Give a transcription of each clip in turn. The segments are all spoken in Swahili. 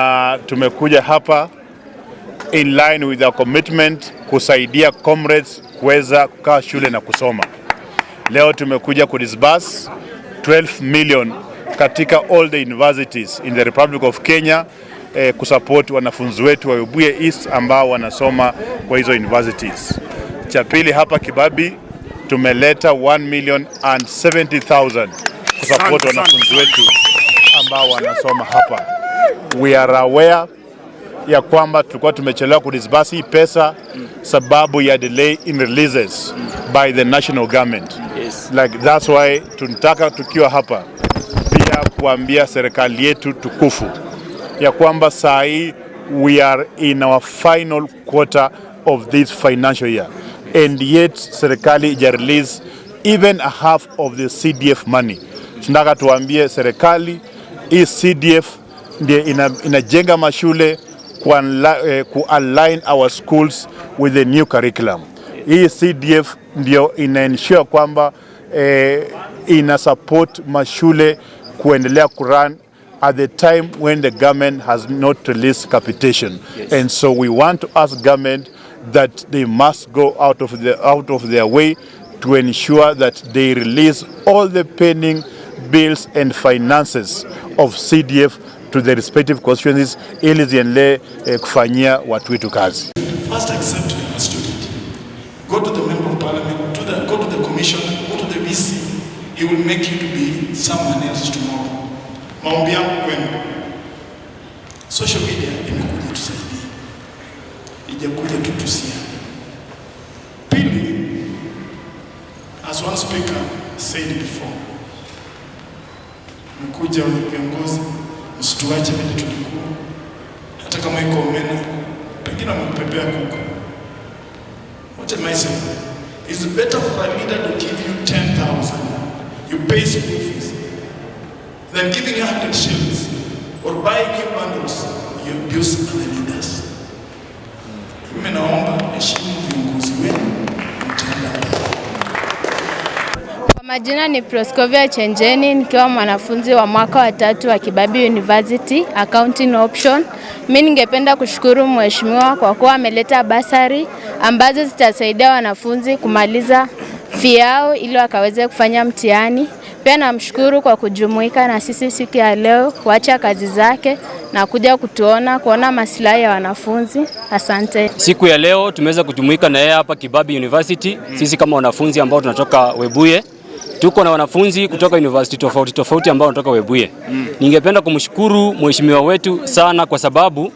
Uh, tumekuja hapa in line with our commitment kusaidia comrades kuweza kukaa shule na kusoma. Leo tumekuja kudisburse 12 million katika all the universities in the Republic of Kenya eh, kusupport wanafunzi wetu wa Webuye East ambao wanasoma kwa hizo universities. Cha pili hapa Kibabi tumeleta 1 million and 70,000 kusupport wanafunzi wetu ambao wanasoma hapa we are aware ya kwamba tulikuwa tumechelewa kudisbasi hii pesa sababu ya delay in releases by the national government. Yes. Like that's why tunataka tukiwa hapa pia kuambia serikali yetu tukufu ya kwamba saa hii we are in our final quarter of this financial year and yet serikali ija release even a half of the CDF money. Tunataka tuambie serikali hii CDF inajenga ina, inajenga mashule kuanla, eh, kualign our schools with the new curriculum. Hii CDF ndio ina ensure kwamba eh, ina support mashule kuendelea kurun at the time when the government has not released capitation. Yes. And so we want to ask government that they must go out of, the, out of their way to ensure that they release all the pending bills and finances of CDF to the respective constituencies ili ziendelee eh, kufanyia watu wetu kazi. First accept a student. Go to the member of parliament, to the, go to the commission, go to the VC. He will make you to be someone else tomorrow. Maombi yangu kwenu. Social media imekuja tusaidia. Ijakuja tutusia. Pili, as one speaker said before, mkuja wenye viongozi Usituache vile tulikuwa, hata kama iko omena, pengine wamekupepea kuku. What am I saying? It's better for a leader to give you 10,000 you pay school fees than giving you 100 shillings or buying you bundles. You abuse the leaders. Majina ni Proskovia Chenjeni nikiwa mwanafunzi wa mwaka wa tatu wa kibabi University accounting option. Mimi ningependa kushukuru mheshimiwa kwa kuwa ameleta basari ambazo zitasaidia wanafunzi kumaliza fiao ili wakaweze kufanya mtihani. Pia namshukuru kwa kujumuika na sisi siku ya leo, kuacha kazi zake na kuja kutuona kuona maslahi ya wanafunzi. Asante. Siku ya leo tumeweza kujumuika na yeye hapa kibabi University, sisi kama wanafunzi ambao tunatoka Webuye tuko na wanafunzi kutoka university tofauti tofauti ambao wanatoka Webuye. Mm. Ningependa kumshukuru mheshimiwa wetu sana kwa sababu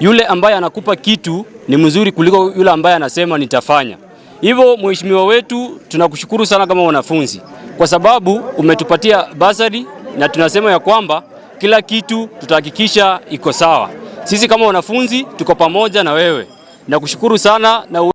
yule ambaye anakupa kitu ni mzuri kuliko yule ambaye anasema nitafanya. Hivyo mheshimiwa wetu, tunakushukuru sana kama wanafunzi kwa sababu umetupatia basari na tunasema ya kwamba kila kitu tutahakikisha iko sawa. Sisi kama wanafunzi tuko pamoja na wewe. Nakushukuru sana na